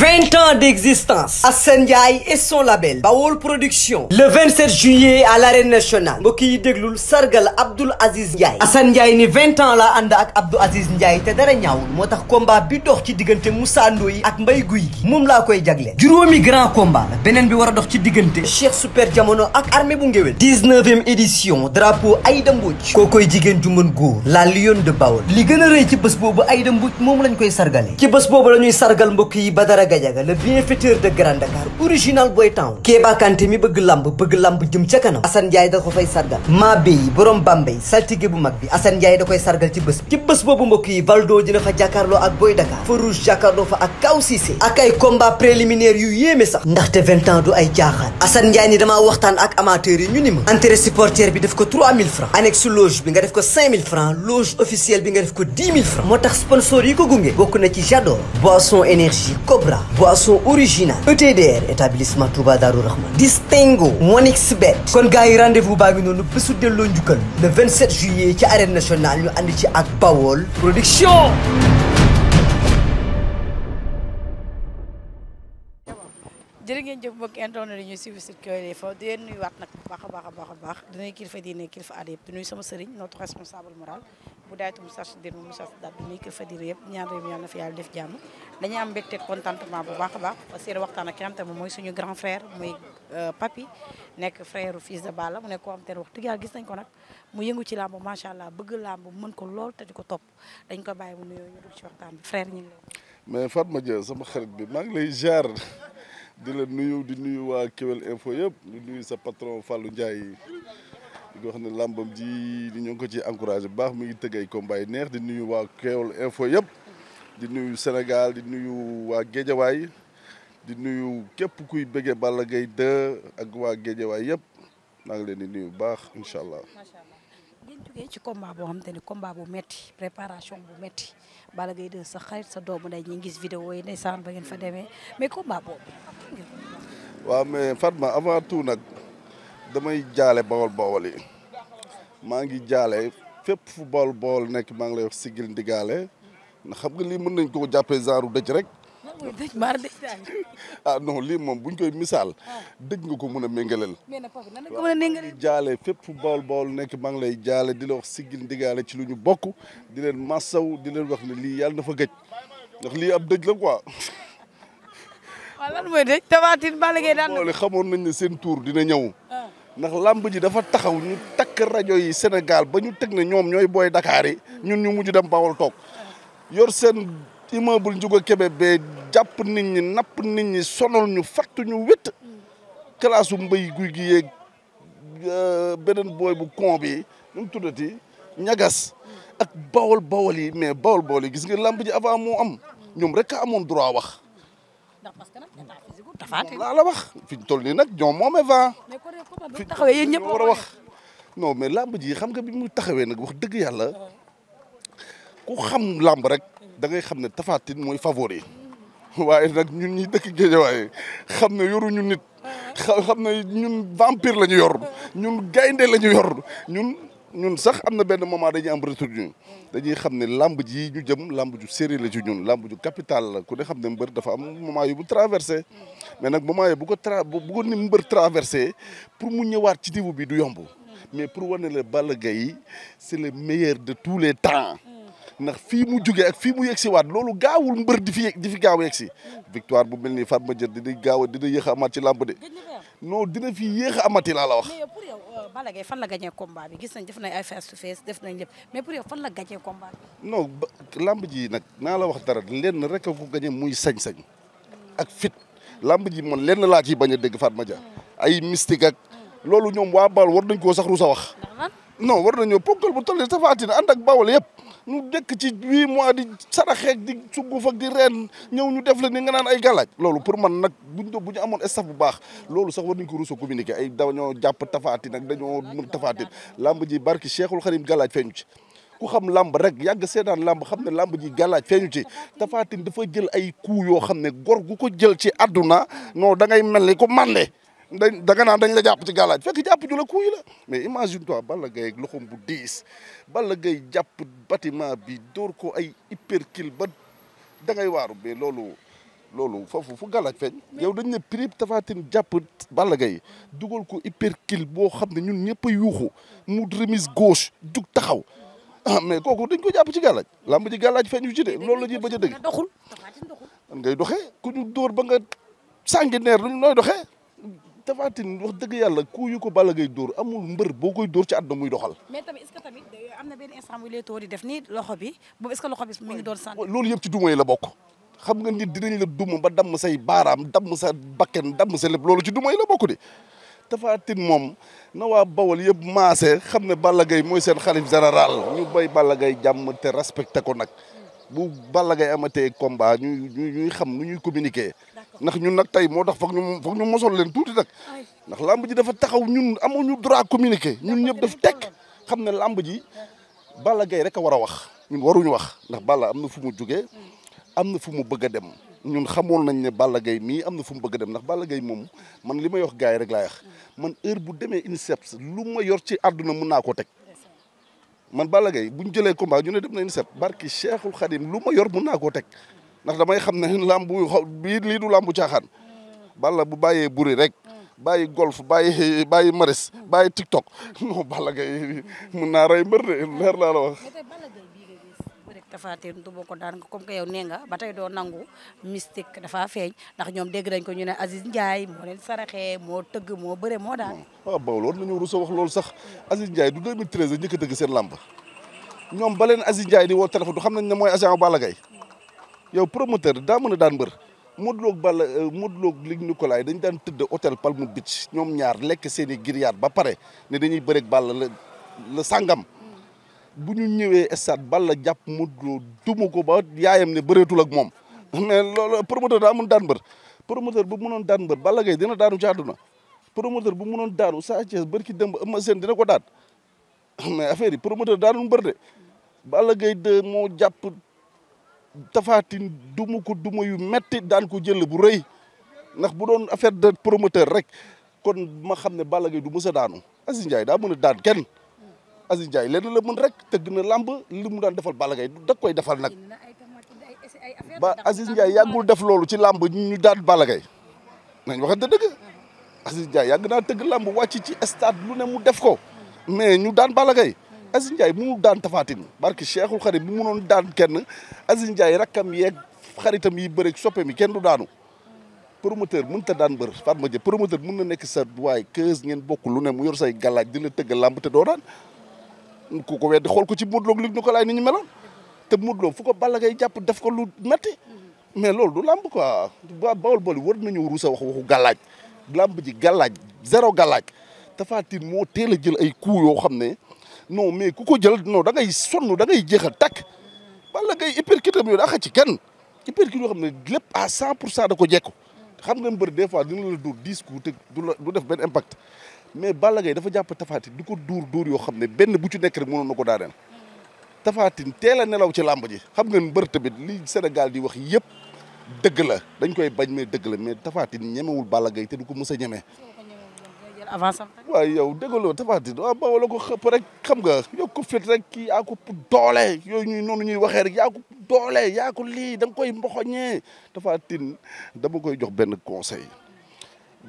20 ans d'existence Assane Ndiaye et son label Bawol Production le 27 juillet à l'arène nationale mbokk yi déglul sargal Abdoul Aziz Ndiaye Assane Ndiaye ni 20 ans la ànd ak Abdou Aziz Ndiaye te dara ñaawul moo tax combat bi dox ci diggante Moussa Ndoye ak Mbaye Guy moom laa koy jagleel juróomi grand combat beneen bi war a dox ci diggante Cheikh Super Jamono ak armée bu ngéwél 19e édition drapeau Aïda Mbodj koo koy jigéen ju mën góor la lionne de Bawol li gën a rëy ci bés boobu Aïda Mbodj moom lañ koy sargale ci bés boobu la ñuy sargal mbokk yi Badara Gadiaga le bienfaiteur de Grand Dakar original boy town Kéba mi bëgg lamb bëgg lamb jëm ca kanam Assane da ko fay sargal maa béy borom Bambey saltige bu mag bi Assane Ndiaye da koy sargal ci bés bi ci bés boobu mbokk yi Valdo dina fa jàkkaarloo ak Boy Dakar Farouche jàkkaarloo fa ak Kaw Cissé ak ay combat préliminaire yu yéeme sax ndaxte vingt ans du ay jaaxaan Assane Ndiaye ni damaa waxtaan ak amateurs yi ñu ni ma entrée supporter bi def ko 3000 francs annexe loge boisson originale ETDR établissement Touba Darou Rahman Distingo Monix Bet kon gars yi rendez-vous baa ngi noonu bésu delloo njukkal le 27 juillet ci arène nationale ñu ànd ci ak Bawol production jërë ngeen jëf mbokk internet yi ñuy suivre site Kewel Info di leen nuyu waat nag baax a baax a baax a baax di nuyu kilifa diine kilifa aada yëpp di sama sëriñ notre responsable moral bu daaytu mu sas dir mu sas daal bi muy kër fadir yëpp ñaan réew mi na fi yàlla def jàmm dañuy am mbégte contentement bu baax a baax seen waxtaan ak ki xam te moom mooy suñu grand frère euh, nekk frère fils de Balla mu nekk koo xam te ne wax dëgg yàlla gis nañ ko nag mu yëngu ci làmb macha allah bëgg làmb mën ko lool te di ko topp dañ ko bàyyi mu nuyoo ñu dugg ci waxtaan bi frère ñu ngi mais Fatma Dia sama xarit bi maa ngi lay jaar di la nuyu di nuyu waa Kewel Info yëpp di sa patron Fallou Ndiaye di xam ne làmbam ji ñu ngi ko ci encouragé bu baax mi ngi tëgg ay combat neex di nuyu waa Kewel Info yëpp di nuyu Sénégal di nuyu waa Géejawaay di nuyu képp kuy bëggee Balla Gaye 2 ak waa Géejawaay yëpp maa ngi leen di nuyu bu baax incha allah. ngeen jógee ci combat boo xamante ni combat bu metti préparation bu metti Balla Gaye 2 sa xarit sa doomu nday ñu gis vidéo yi ndeysaan ba ngeen fa demee mais combat boobu. waaw mais Fatma avant tout nag. damay jaale bawol bawol maa ngi jaale fépp fu bawol bawol nekk maa ngi lay wax sigil ndigaale na xam nga lii mën nañ koo jàppee genre dëj rek. ah non lii moom buñ koy misaal ah. dëj nga ko mën a méngaleel. waaw ngi jaale fépp fu bawol bawol nekk maa ngi lay jaale di la wax sigil ndigaale ci lu ñu bokk di leen massaw di leen wax ne lii yàlla na fa gëj ndax lii ab dëj la quoi. waaw lan mooy dëj Tapha Tine Balla Gaye xamoon nañ ne seen tuur dina ñëw. Ah. ndax làmb ji dafa taxaw ñu takk rajo yi Sénégal ba ñu teg ne ñoom ñooy booy Dakar yi ñun ñu mujj dem Bawol toog yor seen immeuble Ndiouga kebe bee jàpp nit ñi napp nit ñi sonal ñu fàttu ñu wét kalaasu mbay guy gi yeeg euh, beneen booy bu con bi ñu tuddati ñagas ak Bawol Bawol yi mais Bawol Bawol yi gis nga làmb ji avant moo am ñoom rek a amoon droit wax tafaatin laa la wax fi ñu toll nii nag ñoom moomee vent. mais kon nag bu war a wax. non mais làmb ji xam nga bi muy taxawee nag wax dëgg yàlla ku xam làmb rek dangay xam ne tafaatin mooy favori waaye nag ñun ñi dëkk géejawaay xam ne yoruñu nit xam ne ñun vampire la ñu yor ñun gaynde la ñu yor ñun. ñun sax am na benn moment dañuy am retour ñun dañuy xam ne làmb ji ñu jëm làmb ju série la ci ñun làmb ju capital la ku ne xam ne mbër dafa am moment yu bu traversé mais nag moment yi bu ko tra bu ko ni mbër traversé pour mu ñëwaat ci niveau bi du yomb mais pour wane la Balla Gaye c'est le meilleur de tous les temps ndax fii mu jugee ak fii mu yegsi waat loolu gaawul mbër di fi di fi gaaw yegsi victoire bu mel nii Fatma Dieng dina gaaw a dina yéex a amaat ci làmb de noo dina fi yéex a amati laa la wax Balla Gaye fan la gagné combat bi gis nañ def nañ ay face to face def nañ lépp mais pour yow fan la gagné combat bi. non ba lamb ji nag naa la wax dara lenn rek a ko gagné muy sañ-sañ ak fit lamb ji man lenn laaj ciy bañ a dégg Fatma Dia ay mystique ak loolu ñoom waa Baol war nañ koo sax rusa wax. non war nañ nañoo ponkal bu toll nii dafa ànd ak Baol yëpp. ñu dëkk ci huit mois di saraxeeg di sunguf ak di reen ñëw ñu def la ni nga naan ay galaaj loolu pour man nag buñ do bu ñu amoon staff bu baax loolu sax war nañ ko ruusa communiqué ay ñoo jàpp tafaatin ak dañoo mën tafaatin lamb ji barki Cheikhul Khadim galaaj feeñu ci ku xam lamb rek yàgg seetaan lamb xam ne lamb ji galaaj feeñu ci tafaatin dafa jël ay coup yoo xam ne gor gu ko jël ci àdduna non da ngay mel ni ko mande dañ da nga dañ la jàpp ci gàllaaj fekk jàpp ju la kuuy la mais imagine toi Balla Gaye ak loxoom bu diis Balla Gaye jàpp bâtiment bi dóor ko ay hypercule ba da ngay waaru mais loolu loolu foofu fu gàllaaj feeñ yow dañ ne prib tafaatin jàpp Balla gay dugal ko hypercule boo xam ne ñun ñëpp yuuxu mu remise gauche jug taxaw ah mais kooku dañ ko jàpp ci gàllaaj làmb ji gàllaaj feeñ yu ci de loolu la ñuy bëj a dëgg doxul ngay doxee ku ñu dóor ba nga sàngi neer luñ nooy doxee Tapha Tine wax dëgg yàlla ku yu ko Balla Gaye dóor amul mbër boo koy dóor ci àdduna muy doxal. mais tamit est-ce que na benn instant muy lay toog di def nii loolu yëpp ci duma yi la bokk xam nga nit dinañ la duma ba damm say baaraam damm sa bakken damm sa lépp loolu ci duma yi la bokk de. Tapha Tine moom na waa Bawol yëpp maase xam ne Balla gay mooy seen xalif général ñu bay Balla gay jàmm te respecté ko nag bu Balla gay Gaye te combat ñuy ñuy xam nu ñuy communiquer. ndax ñun nag tey moo tax foog ñu foog ñu mosol leen tuuti nag ndax làmb ji dafa taxaw ñun amuñu droit communiquer ñun ñëpp daf tekk xam ne làmb ji bala gay rek a war a wax ñun waruñu wax ndax bala am na fu mu jógee am na fu mu bëgg dem ñun xamoon nañ ne Balla Gaye mii am na fu mu bëgg dem ndax Balla Gaye moom man li may wax gars yi rek laay man heure bu demee INSEPS lu ma yor ci àdduna mun na koo teg man Balla Gaye bu ñu jëlee combat ñu ne dem na INSEP barki Cheikhul Khadim lu ma yor mën naa koo teg ndax damay xam ne làmb bii lii du làmb caaxaan Balla bu bàyyee buri rek bàyyi golf bàyyi bàyyi maris bàyyi tiktok non Balla Gaye mun naa rey mbër de leer laa la wax. Tapha Tine du comme nee nga ba tey doo nangu mystique dafa feeñ ndax ñoom dégg nañ ko ñu ne Aziz Ndiaye moo leen saraxee moo tëgg moo bëre moo daan. waaw Baol war nañoo rus a wax loolu sax Aziz Ndiaye du 2013 njëkk a tëgg seen làmb ñoom ba leen Aziz Ndiaye di woo téléphone du xam nañ ne mooy agent Balla Gaye yow promoteur daa mën daan mbër Modou Lo ak Balla euh, Modou Lo ak Luc dañ daan tëdd hôtel Palm Beach ñoom ñaar lekk seen i grillade ba pare ne dañuy bëreeg Balla la la sàngam bu ñu ñëwee stade Balla jàpp Modou Lo duma ko ba yaayam ne bëreetul ak moom mais loolu promoteur daa mën daan mbër promoteur bu mënoon daan mbër Balla Gaye dina daanu ci àdduna promoteur bu mënoon daanu Sa Thiès bërki dëmb Eumeu Sène dina ko daan mais affaire yi promoteur daanu mbër de Balla Gaye moo jàpp tafaatin dumu ko duma yu metti daan ko jël bu rëy ndax bu doon affaire de promoteur rek kon ma xam ne Balla du mës a daanu Aziz Ndiaye daa mën a daan kenn Aziz Ndiaye lenn la mën rek tëgg na làmb li mu daan defal Balla Gaye da koy defal nag ba Aziz Ndiaye yàggul def loolu ci làmb ñu daan Balla Gaye nañ waxante dëgg Aziz Ndiaye yàgg naa tëgg lamb wàcc ci stade lu ne mu def ko mais ñu daan balagay Aziz Ndiaye mënul daan tafaatin barki Cheikhul Xadim bu mënoon daan kenn Aziz Ndiaye rakkam yeeg xaritam yi bëri soppe mi kenn du daanu promoteur mën ta daan bër Fatma Dia promoteur mën na nekk sa waay keuse ngeen bokk lu ne mu yor say galaaj di la tëgg làmb te doo daan ku ko weddi xool ko ci Modou Lo ko Luc Nicolaï ni ñu te Modou Lo fu ko Balla Gaye jàpp def ko lu metti mais loolu du làmb quoi waa Bawol Bawol war nañu rusa wax waxu galaaj làmb ji galaaj zéro galaaj Tapha Tine moo teel a jël ay coups yoo xam ne non mais ku ko jël non da ngay sonn da ngay jeex a takk Balla Gaye uppercut am yooyu daa ci kenn uppercut yoo xam ne lépp à cent pour cent da ko jekku xam nga mbër des fois dina la dóor dix coups te du la du def benn impact mais Balla Gaye dafa jàpp Tapha di ko dóor dóor yoo xam ne benn bu ci nekk rek mënoon na ko daaneel tafaatin Tine teel a nelaw ci làmb ji xam nga mbër tamit li Sénégal di wax yëpp dëgg la dañ koy bañ mais dëgg la mais Tapha ñemewul Balla Gaye te du ko mës a ñeme avant sam waaw yow déggaloo Tapha Tine waaw bawala ko xëpp rek xam nga yokk ko fit rek kii yaa ko doole yooyu ñuy noonu ñuy waxee rek yaa ko doole yaa ko lii da nga koy mboxoñee Tapha Tine dama koy jox benn conseil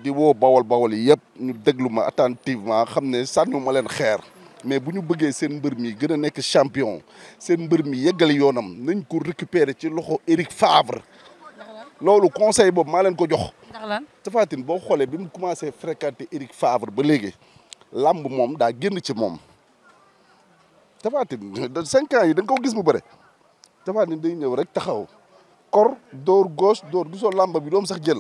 di woo bawal bawal yëpp ñu déglu ma attentivement xam ne sànni ma leen xeer mais bu ñu bëggee seen mbër mi gën a nekk champion seen mbër mi yeggali yoonam nañ ko récupérer ci loxo Éric Favre loolu conseil boobu maa leen ko jox. ndax lan boo xoolee bi mu commencé fréquenter Éric ba léegi làmb moom daa génn ci moom Tapha Tine de cinq ans yi da nga ko gis mu bëre Tapha Tine day ñëw rek taxaw kor dóor gauche dóor gisoo làmb bi doom sax jël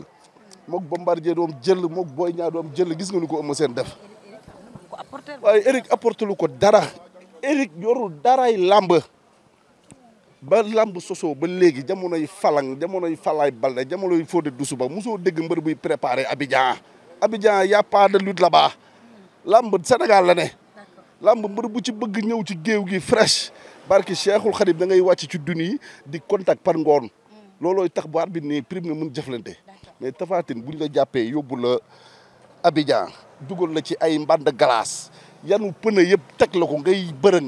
mook Bombardier doom jël mook Boy Niang doom jël gis nga ni ko Eumeu Sène def waaye Éric apporté lu ko dara yoru yorul daraay làmb ba lamb sosoo ba léegi jamonoy falang jamonoy falaay balde jamonoy Fodé Doussouba mosoo dégg mbër buy préparé Abidjan Abidjan y a pas de lutte là-bas làmb Sénégal la ne làmb mbër bu ci bëgg ñëw ci géew gi fresh barki Cheikhul Khadim da ngay wàcc ci dun yi di contact par ngoon mm. loolooy tax bu arbitre ne prime nga mën jëflante mais Tapha Tine buñ la jàppee yóbbu la Abidjan dugal la ci ay mband galas yanu pëne yëpp teg la ko ngay bërën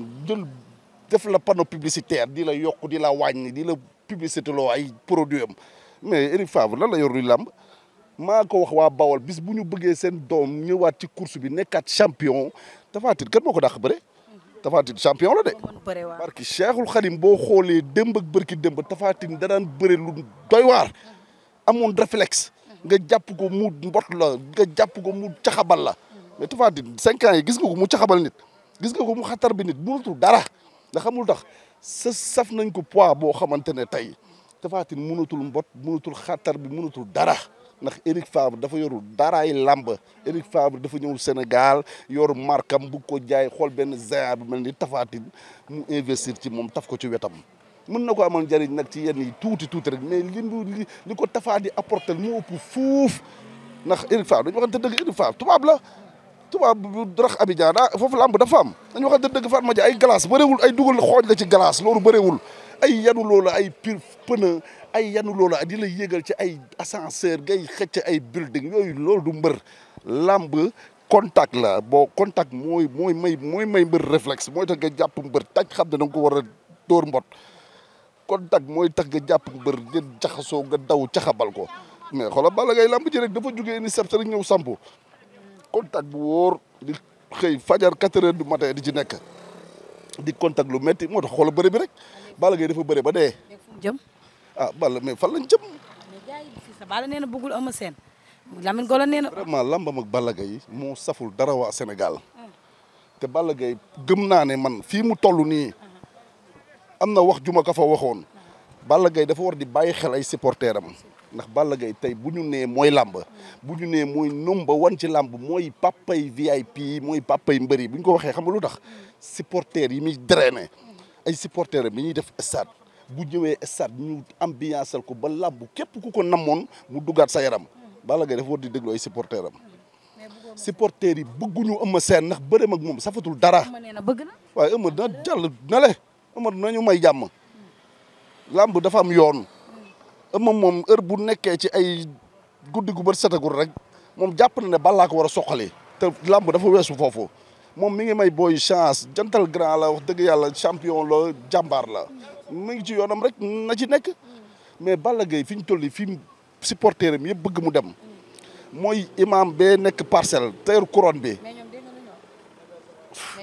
def la panneau publicitaire di la yokk di la wàññi di la publicité loo ay produit am mais Eric Favre lan la yor lu làmb maa ko wax waa Bawol bis bu ñu bëggee seen doom ñëwaat ci course bi nekkaat champion Tapha Tine kat moo ko dàq bëre Tapha Tine champion la de barki Cheikhul Khadim boo xoolee démb ak bërki démb Tapha Tine danaan bëre lu doy waar amoon réflexe nga jàpp ko mu mbot la nga jàpp ko mu caxabal la mais Tapha Tine cinq ans yi gis nga ko mu caxabal nit gis nga ko mu xatar bi dara ndax xamul tax sa saf nañ ko pois boo xamante ne tey Tapha Tine mënatul mbot mënatul xattar bi mënatul dara ndax Eric Favre dafa dara yi làmb Eric Favre dafa ñëw Sénégal yoru markam bu ko jaay xool benn ziar bu mel ni Tapha Tine mu investir ci moom taf ko ci wetam mun na ko amal jariñ nag ci yenn yi tuuti tuuti rek mais li mu li ko Tapha di apporter mu ëpp fuuf ndax Eric Favre dañu waxante dëgg Eric tubaab la tubaab bu rax Abidjan foofu lamb dafa am dañoo wax dëgg Fatma Dia ay glace bëriwul ay dugal xooj la ci glace loolu bëriwul ay yanu loola ay pir pneu ay yanu loola di la yégal ci ay ascenseur ngay xëcc ay building yooyu loolu du mbër lamb contact la boo contact mooy mooy may mooy may mbër réflexe mooy tax nga jàpp mbër taj xam ne da nga ko war a dóor mbot contact mooy tax nga jàpp mbër ngeen jaxasoo ga daw caxabal ko mais xoolal bala ngay lamb ji rek dafa jugee ni sept rek ñëw sampu contact bu wóor di xëy fajar quatre heures du matin di ci nekk di contact lu metti moo tax xoola bëri bi rek Balla Gaye dafa bëri ba dee. jëm ah Balla mais fan lañ jëm. Balla nee na am a Sène Lamine Gola nee na. vraiment lambam ak Balla Gaye moo saful dara wa Sénégal hmm. te Balla Gaye gëm naa ne man fii mu toll nii am na wax ju ka fa waxoon hmm. Balla Gaye dafa war di bàyyi xel ay supporters ndax Balla Gaye tey bu ñu nee mooy làmb bu ñu nee mooy number one ci làmb mooy papay VIP yi mooy papay mbër yi bu ñu ko waxee xam nga lu tax supporters yi muy drainer ay supporters bi ñuy def stade bu ñëwee stade ñu ambianceal ko ba làmb képp ku ko namoon mu duggaat sa yaram Balla Gaye def war di déglu ay supporters am supporters yi bëgguñu Eumeu Sène ndax bëreem mag moom safatul dara waaye Eumeu na jàll na le na ñu may jàmm làmb dafa am yoon moom moom heure bu nekkee ci ay guddi gu bët setagul rek moom jàpp na ne Balla ko war a soqali te làmb dafa weesu foofu moom mi ngi may booy chance jantal grand la wax dëgg yàlla champion la jàmbaar la mu ngi ci yoonam rek na ci nekk mais Balla Gaye fi ñu tolli fi mu supporter yëpp bëgg mu dem mooy imam bee nekk parcelle teru couronne bi. mais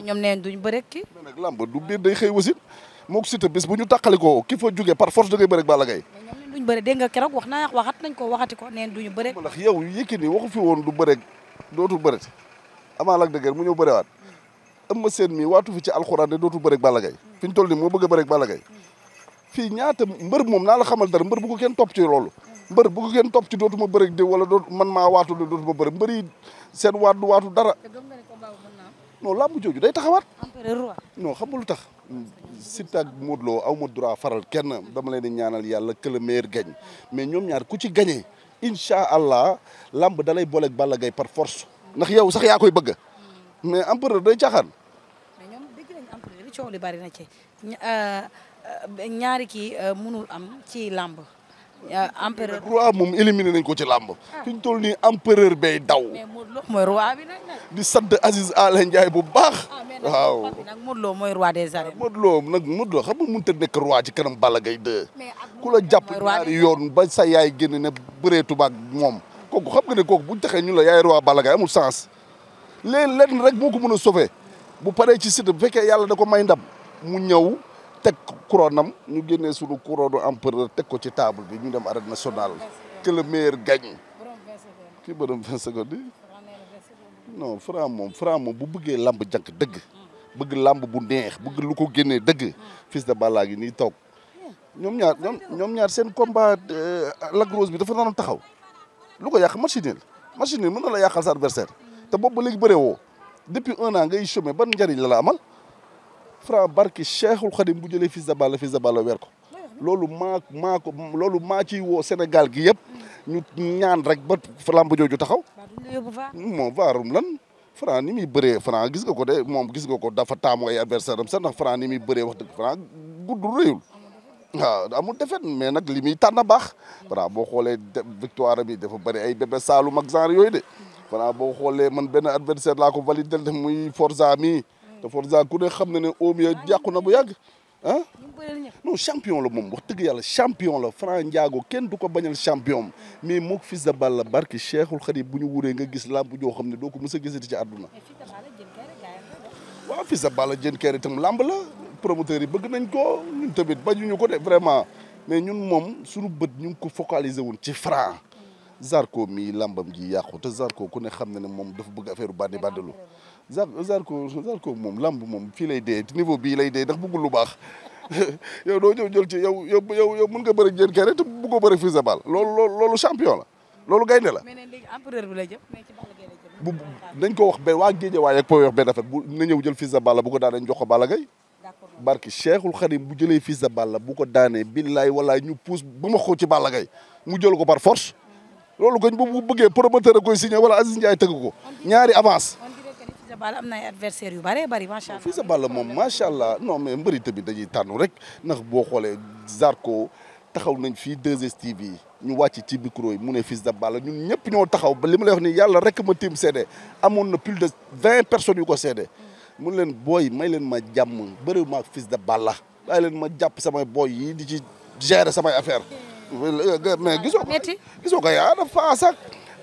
ñoom neen duñ bëre ki nag làmb du biir day xëy wasit moo ko Siteu bis bu ñu tàqalikoo ki fa jógee par force da ngay bëre duñ bëre dégg nga keroog wax naa waxat nañ ko waxati ko neen duñu bëre ndax yow Yékini waxu fi woon du bëre dootu bëreti amaa lak dëgër mu ñëw bërewaat Eumeu Sène mi waatu fi ci alxuraan ne dootu bëre ak Balla fi ñu toll nii moo bëgg a bëre ak fii ñaata mbër moom naa la xamal dara mbër bu ko kenn topp ci loolu mbër bu ko kenn topp ci dootuma bëre ak diw wala dootu man maa waatu ne dootuma bëre mbër yi seen waat du waatu dara non làmb jooju day taxawaat non xam tax Siteu ak Modou Lo aw faral kenn dama leen di ñaanal yàlla que le mais ñoom ñaar ku ci gagné incha allah lamb da lay booleeg Balla Gaye par force ndax yow sax yaa koy bëgg mais empereur day caaxaan. mais ñoom dégg nañu empereur euh, euh, ñaari kii euh, mënul am ci làmb empereur roi moom éliminé nañ ko ci làmb ah. fi ñu toll nii empereur bay daw. mais Modou Lo mooy roi bi nag. di sant Aziz Alain Ndiaye bu baax. Ah, waaw nag Modou Lo mooy roi des arènes. Modou Lo nag Modou Lo xam nga mënut a nekk roi ci kanam Balla Gaye 2. ku la jàpp ñaari yoon ba sa yaay génn ne bëreetuma ak moom. kooku xam nga ne kooku bu ñu taxee ñu la yaay roi Balla Gaye amul sens. léegi lenn rek moo ko mën a sauver bu paree ci site bu fekkee yàlla da ko may ndam mu ñëw. teg couronam ñu génnee suñu couronne empereur teg ko ci table bi ñu dem arène nationale que le meilleur gagne kii borom vingt secondes yi non Franc moom Franc moom bu buggee lamb jank dëgg bëgg lamb bu neex bëgg lu ko génnee dëgg fils de Balla gi nii toog ñoom ñaar ñoom ñoom ñaar seen combat euh, Lac Rose bi dafa naroon taxaw lu ko yàq machine machine mën na la yàqal sa adversaire te boobu ba léegi bëree woo depuis un an ngay chômer ban njëriñ la la amal Franc barki Cheikhul Khadim bu jëlee Fils de Balla Fils de Balla loolu maa maako loolu maa ciy woo Sénégal gi yëpp ñu ñaan rek ba lamb jooju taxaw. moom vaarum lan. Franc ni muy bëree Franc gis nga ko de moom gis nga ko dafa taamu ay adversaire am sax ndax Franc ni muy bëree wax dëgg a gudd rëyul. waaw amul mais nag li muy tànn baax. Franc boo xoolee victoire bi dafa bëri ay bébé Saalum ak genre yooyu de. Franc boo xoolee man benn adversaire laa ko validé muy Forza mi. te Forza ku ne xam na ne Omi jàqu na bu yàgg ah non champion la moom wax dëgg yàlla champion la Franc Ndiago kenn du ko bañal champion mais mook Fils de Balla barki Cheikhul Khadim bu ñu wuree nga gis làmb joo xam ne doo ko mës a gisati ci àdduna waaw Fils de Balla jën kër itam làmb yi bëgg nañ ko ñun tamit bañuñu ko de vraiment mais ñun moom suñu bët ñu ngi ko focaliser wun ci Franc Zarko mii lambam ji yàqu te Zarko ku ne xam ne ne moom dafa bëgg affaire bandi bandilu Zarko Zarko ko moom lamb moom fii lay dee niveau bii lay dee ndax bëggul lu baax yow doo ñëw jël ci yow yow yow mën nga bëri jën kere te bëggoo bëri Fils de Balla loolu loolu loolu champion la loolu gaynde la. mais nag bi la bu dañ ko wax benn waa géej waaye ak po wax benn affaire bu na ñëw jël Fils de Balla bu ko daanee jox ko Balla Gaye. d'accord barki Cheikhul Khadim bu jëlee Fils de Balla bu ko daanee billaay walaay ñu pousse ba ma xoo ci Balla Gaye mu jël ko par force. loolu gañ bu bëggee promoteur a koy signé wala Aziz Ndiaye tëgg ko ñaari avance Balla am na ay adversaires yu bëree bëri macha allah. fii moom macha allah non mais mbëri tamit dañuy tànn rek ndax boo xoolee Zarko taxaw nañ fii 2STV yi ñu wàcc ci micro yi mu ne Fils de Balla ñun ñëpp ñoo taxaw ba li ma lay wax ni yàlla rek ma tiim seede amoon na plus de vingt personnes yu ko seede mm. mun leen booy may leen ma jàmm bëriwu ma fiis Fils de Balla bàyyi leen ma jàpp samay booy yi di ci gérer samay affaire mm. mais gisoo ko gisoo ko yaa dafa faas ak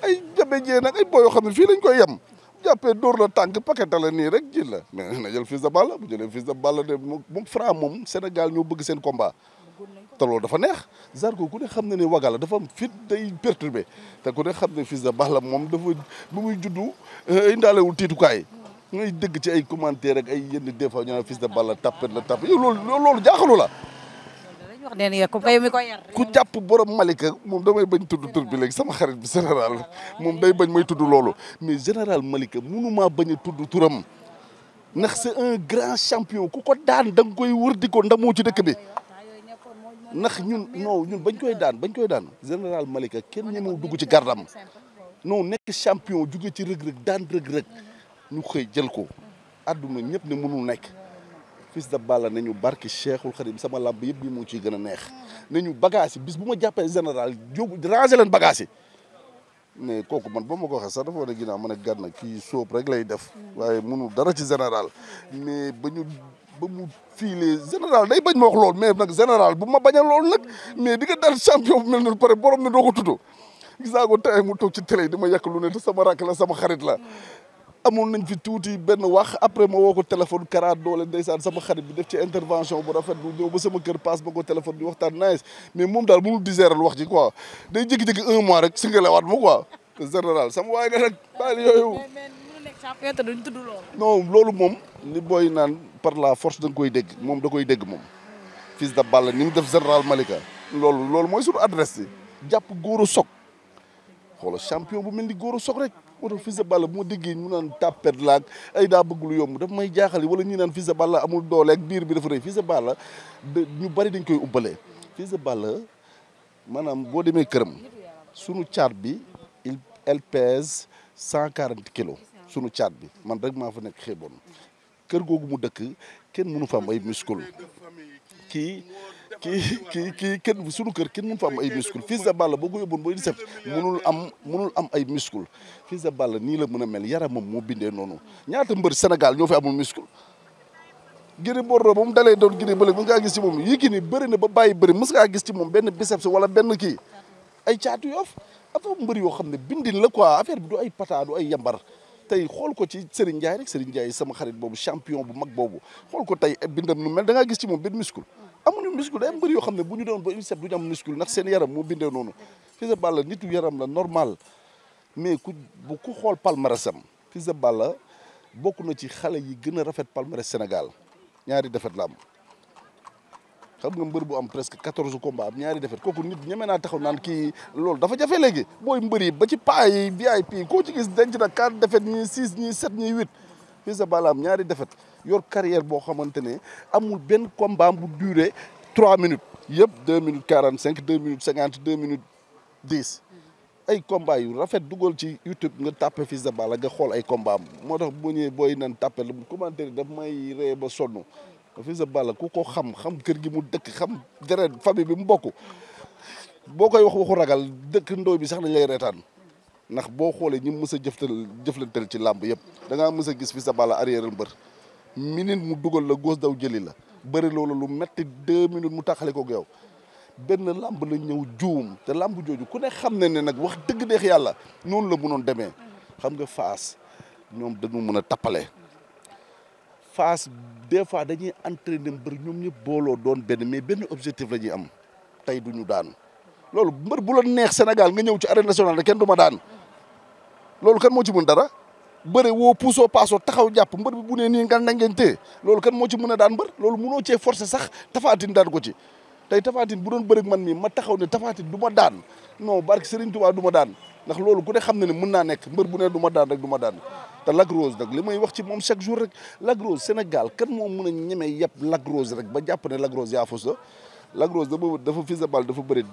ay jabe jee nag ay booy yoo xam ne fii lañ koy yem jàppee dóor la tànk paketale nii rek jël la mais na jël Fils de Balla bu jëlee Fils de Balla de moom Franc moom Sénégal ñoo bëgg seen combat te loolu dafa neex Zarko ku ne xam ne ne waga la dafa am fit day perturbé te ku ne xam ne Fils de Balla moom dafa bu muy juddu euh, indaalewul tiitukaay ngay dëgg ci ay commentaire ak ay yenn des fois ñu naan Fils de Balla tapet la tapet yow loolu loolu jaaxalu la wax ne ni ku jàpp borom Malika moom damay bañ tudd tur bi léegi sama xarit bi général moom day bañ may tudd loolu mais général Malika maa bañ a tudd turam ndax c'est un grand champion ku ko daan da koy wër di ko ndamoo ci dëkk bi ndax ñun non ñun bañ koy daan bañ koy daan général Malika kenn ñemewu dugg ci gardam non nekk champion jóge ci rëg-rëg daan rëg-rëg ñu xëy jël ko àdduna ñëpp ne mënul nekk. fils de Balla nañu barki Cheikhul Khadim sama làmb yëpp bi mu ciy gën a neex nañu bagage yi bis bu ma jàppee général yóbbu ranger leen bagage yi mais kooku man ba ma ko waxee sax dafa war a ginnaaw ma ne gànna kii sóob rek lay def waaye munu dara ci général mais ba ñu ba mu fiilee général day bañ ma wax loolu mais nag général bu ma bañ a loolu nag mais di nga dal champion bu mel noonu pare borom ne doo ko tudd gis naa ko mu toog ci télé yi di ma yàq lu ne te sama rakk la sama xarit la amoon nañ fi tuuti benn wax après ma woo ko téléphone karaat doole ndeysaan sama xarit bi def ci intervention bu rafet bu ñëw ba sama kër paas ma ko téléphone bi waxtaan nice mais moom daal mënul digéral wax ji quoi day jékki-jékki un mois rek si nga lewaat ma quoi général sama waay nga rek bàyyi yooyu non loolu moom ni booy naan par la force da nga koy dégg moom da koy dégg moom fils de Balla ni mu def général Malika loolu loolu mooy suñu adresse yi jàpp góor a soog xoolal champion bu mel góor a rek moo tax Fils bu ma déggee ñu naan tàppet laag ay daa bëgg lu yomb daf may jaaxal wala ñu naan Fils de Balla amul doole ak biir bi dafa rëy Fils de Balla ñu bari dañ koy ubbalee Fils de Balla maanaam boo demee këram sunu caat bi il elle cent quarante kilos sunu caat bi man rek maa fa nekk xeeboon kër googu mu dëkk kenn mënu fa am ay muscle kii kii kii kii kenn suñu kër kenn mënu fa am ay muscle Fils de Balla boo ko yóbboon booy set munul munul am ay muscle Fils de Balla nii la mën a mel moom moo bindee noonu ñaata mbër Sénégal ñoo fi amul muscle Gris Bordeaux moom dalee doon Gris ba léegi mës ngaa gis ci moom Yékini bëri na ba bàyyi bëri mës ngaa gis ci moom benn biceps wala benn kii ay caatu yoof dafa mbër yoo xam ne bindin la quoi affaire bi du ay pata du ay yambar tey xool ko ci Serigne Ndiaye rek Serigne Ndiaye sama xarit boobu champion bu mag boobu xool ko tey bindam nu mel da gis ci moom benn muscle amuñu muscle day am mbër yoo xam ne bu ñu doon ba une set du ñu am muscle ndax seen yaram moo bindee noonu Fils de Balla yaram la normal mais ku bu ku xool palmarèsam Fils de Balla bokk na ci xale yi gën a rafet palmarès Sénégal ñaari defet la am xam nga mbër bu am presque quatorze combats am ñaari defet kooku nit ñeme naa taxaw naan kii loolu dafa jafe léegi booy mbër yi ba ci paa yi VIP koo ci gis denc na quatre defet ñii six ñii sept ñii huit Fils am ñaari defet yor carrière boo xamante ne amul benn combat bu duré trois minutes yëpp deux minutes quarante cinq deux minutes cinquante deux minutes dix ay combat yu rafet dugal ci YouTube nga tàppe Fils de Balla nga xool ay combat moo tax bu ñëwee booy nan tàppe la commentaire daf may ree ba sonn Fils de Balla ku ko xam xam kër gi mu dëkk xam deret famille bi mu bokk boo koy wax waxu ragal dëkk ndooy bi sax dañ lay reetaan ndax boo xoolee ñi mës a jëftal jëflantal ci làmb yëpp da ngaa mës a gis Fils de Balla arrière mbër minute mu dugal la góos daw jëli la bari loolu lu metti deux minutes mu taxale ko yow benn làmb la ñëw juum te làmb jooju ku ne xam ne ne nag wax dëgg deex yàlla noonu la munoon demee xam nga fas ñoom dañu mën a tappale Fass des fois dañuy entraîner mbër ñoom ñëpp booloo doon benn mais benn objectif la ñuy am tey duñu daanu loolu mbër bu la neex Sénégal nga ñëw ci arène nationale kenn du daan loolu kan moo ci mën dara bëre woo puusoo paasoo taxaw jàpp mbër bi bu nee nii nga ngeen téye loolu kan moo ci mën a daan mbër loolu mënoo cee forcé sax tafaatin daan ko ci tey tafaatin bu doon bëre man mii ma taxaw ne tafaatin du ma daan non barke Serigne Touba du ma daan ndax loolu ku ne xam ne ne mën naa nekk mbër bu ne du daan rek duma daan te Lac Rose nag li may wax ci moom chaque jour rek Lac Rose Sénégal kan moo mën a ñeme yàpp Lac Rose rek ba jàpp ne Lac Rose yaa fos la Lac Rose dafa dafa Fils de Balla dafa bëre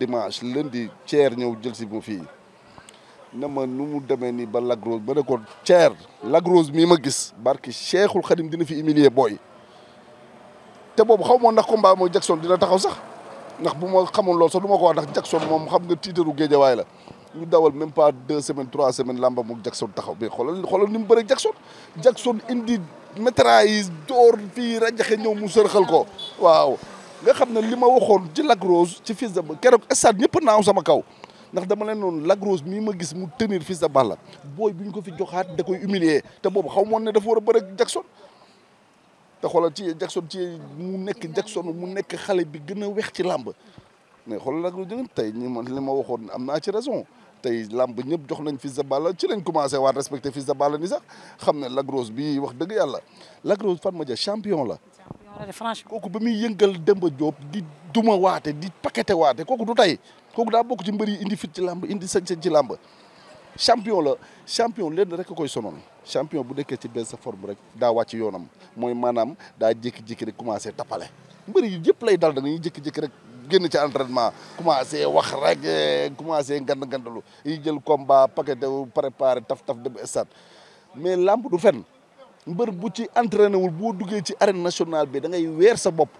ñëw jël si mu fii ne ma nu mu demee nii ba lagrose ba ne ko mii ma gis barki Cheikhul Khadim dina fi humilier booy te boobu xaw ma ndax combat mooy Jackson dina taxaw sax ndax bu ma xamoon loolu sax du ma ko wax ndax Jackson moom xam nga tiitaru géejawaay la ñu dawal même pas deux semaines trois semaines lamba mu Jackson taxaw bi xoolal xoolal ni mu bëre Jackson Jackson indi métrailles door fii rajaxe ñëw mu sërxal ko waaw nga xam ne li ma waxoon ci lagrose ci fils de keroog stade ñëpp naaw sama kaw ndax dama leen noonu Lac Rose mii ma gis mu tenir Fils de Balla booy bu ñu ko fi joxaat da koy humilier te boobu xaw moon ne dafa war a bëre ak Jackson te xoolal ci Jackson ci mu nekk Jackson mu nekk xale bi gën a weex ci làmb mais xoolal Lac Rose jëngan tey ñi man li ma waxoon am naa ci raison tey làmb ñëpp jox nañ Fils de Balla ci lañ commencé waat respecté Fils de Balla ni sax xam ne Lac Rose bi wax dëgg yàlla Lac Rose Fatma Dia champion la kooku ba muy yëngal Demba Diop di duma waate di pakete waate kooku du tey kooku daa bokk ci mbër yi indi fit ci làmb indi sañ sañ ci làmb champion la champion lenn rek koy sonoon champion bu nekkee ci benn sa forme rek daa wàcc yoonam mooy maanaam daa jékki-jékki rek commencé tapale mbër yi yëpp lay dal da ngay jékki-jékki rek génn ci entraitement commencé wax rek commencé ngand ngandalu yi jël combat pakete préparé taf taf dem stade mais làmb du fen mbër bu ci entraîné wul boo duggee ci arène nationale bi da ngay weer sa bopp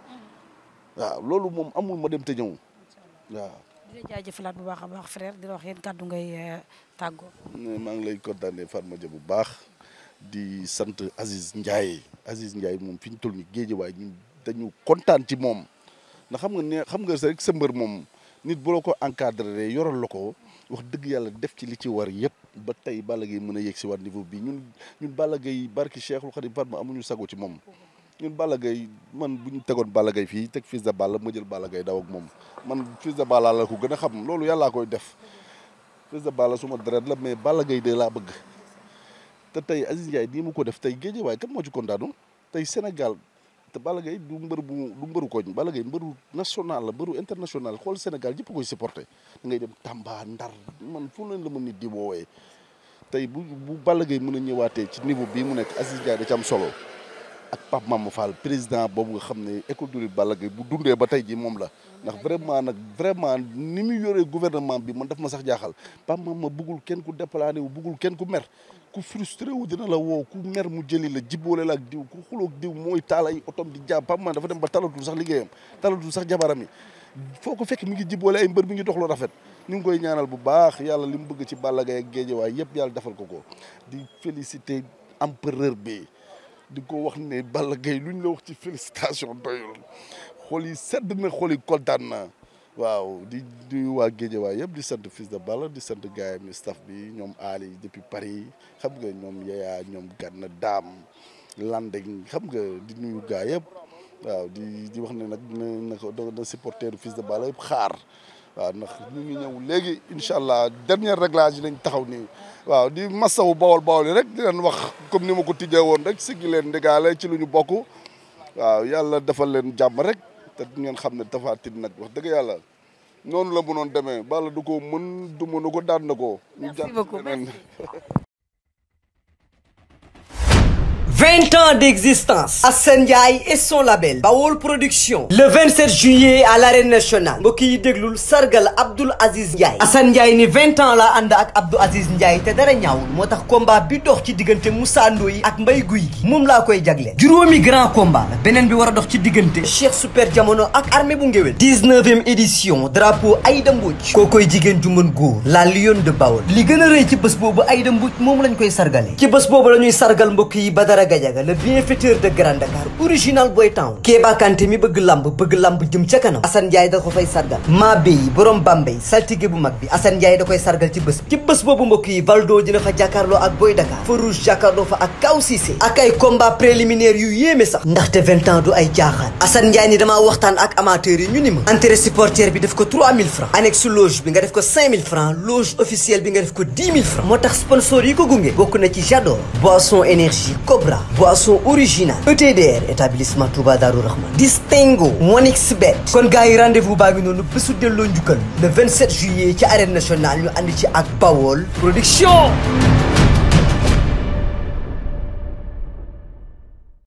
waaw loolu moom amul ma dem te ñëw waaw. di la jaajëfalaat bu baax a baax frère di la wax yéen kàddu ngay euh, tàggoo. maa ngi lay kontaanee Fatma Dia bu baax di sant Aziz Ndiaye Aziz Ndiaye moom fi ñu toll nii géej waaye ñun dañu kontaan ci moom ndax xam nga ne xam nga rek sa mbër moom nit bu la ko encadré yoral la ko wax dëgg yàlla def ci li ci war yëpp. ba tey Balla Gaye mën a yegg si waat niveau bi ñun ñun Balla Gaye barki Cheikhul Khadim Fatma amuñu sago ci moom ñun bala Gaye man bu ñu tegoon Balla Gaye fii teg Fils de Balla ma jël Balla gay daw moom man Fils de Balla la ko gën a xam loolu yàllaa koy def Fils bala Balla suma deret la mais Balla gay de laa bëgg te tey Aziz Ndiaye nii mu ko def tey géej waaye kan moo ci kontaanu tey Sénégal te Balla Gaye du mbër bu du mbëru koñ Balla Gaye mbëru national la mbëru international xool Sénégal yëpp koy supporté da ngay dem Tamba Ndar man fu leen la mën nit di woowee tey bu bu Balla Gaye mën a ñëwaatee ci niveau bii mu nekk Aziz Ndiaye da ci am solo ak Pape Mamadou Fall président boobu nga xam ne école de lutte Balla Gaye bu dundee ba tey ji moom la ndax vraiment nag vraiment ni mu yoree gouvernement bi man daf ma sax jaaxal Pape ma buggul kenn ku déplané wu bëggul kenn ku mer ku frustré wu dina la woo ku mer mu jëli la jibboole la ak diw ku xuloog diw mooy taal ay otom di jaab pam man dafa dem ba talatul sax liggéeyam talatul sax jabaram yi foo ko fekk mi ngi jibboole ay mbër mi ngi dox lu rafet ñu ngi koy ñaanal bu baax yàlla li mu bëgg ci Balla gay ak Guédiawaye yëpp yàlla defal ko ko di féliciter empereur bi di ko wax ne Balla Gaye lu ñu la wax ci félicitation doyul xool yi sedd na xool yi kontaan na waaw di nuyu waa Guédiawaay yëpp di sant fils de Balla di sant gars yi staff bi ñoom Ali depuis Paris xam nga ñoom Yaya ñoom Gana daam Landing xam nga di nuyu gars yëpp waaw di di wax ne nag na na na supporter fils de Balla yëpp xaar waaw ndax ñu ngi ñëw léegi incha allah dernier réglage yi lañ taxaw nii waaw di masawu bawol bawol yi rek di leen wax comme ni ma ko tijjee woon rek siggi leen ndigaale ci lu ñu bokk waaw yàlla defal leen jàmm rek. te ngeen xam ne Tapha Tine nag wax dëgg yàlla noonu la mënoon demee baala du ko mën du mënu ko daan na ko. ñu ko jàpp 20 ans d'existence Assane Ndiaye et son label Bawol Production le 27 juillet à l'arène nationale mbokk yi déglul sargal Abdoul Aziz Ndiaye Assane Ndiaye ni 20 ans la ànd ak Abdou Aziz Ndiaye te dara ñaawul moo tax combat bi dox ci diggante Moussa Ndoye ak Mbaye Guy gi moom laa koy jagle juróomi grand komba la beneen bi war a dox ci diggante Cheikh Super Jamono ak armée bu ngéwél 19e édition drapeau Aïda Mbodj koo koy jigéen ju mën góor la lionne de Bawol li gën a rëy ci bés boobu Aïda Mbodj moom lañ koy sargale ci bés boobu la ñuy sargal mbokk yi Ndiaga Ndiaga le de Grand Dakar original Boy Town Kéba mi bëgg lamb bëgg lamb jëm ca kanam Assane Ndiaye da ko fay sargal maa béy borom Bambey saltige bu mag bi Assane Ndiaye da koy sargal ci bés ci bés boobu mbokk yi Valdo dina fa jàkkaarloo ak Boy Dakar Farouche jàkkaarloo fa ak Kaw Cissé ak ay combat préliminaire yu yéeme sax ndaxte ans du ay jaaxaan Assane Ndiaye ni damaa waxtaan ak amateurs yi ñu ni ma entrée supporter bi def ko 3000 francs boisson originale ETDR établissement Touba Darou Rahman Distingo Monixbet kon gars yi rendez-vous baa ngi noonu bésu delloo njukkal le 27 juillet ci arène nationale ñu ànd ci ak Bawol production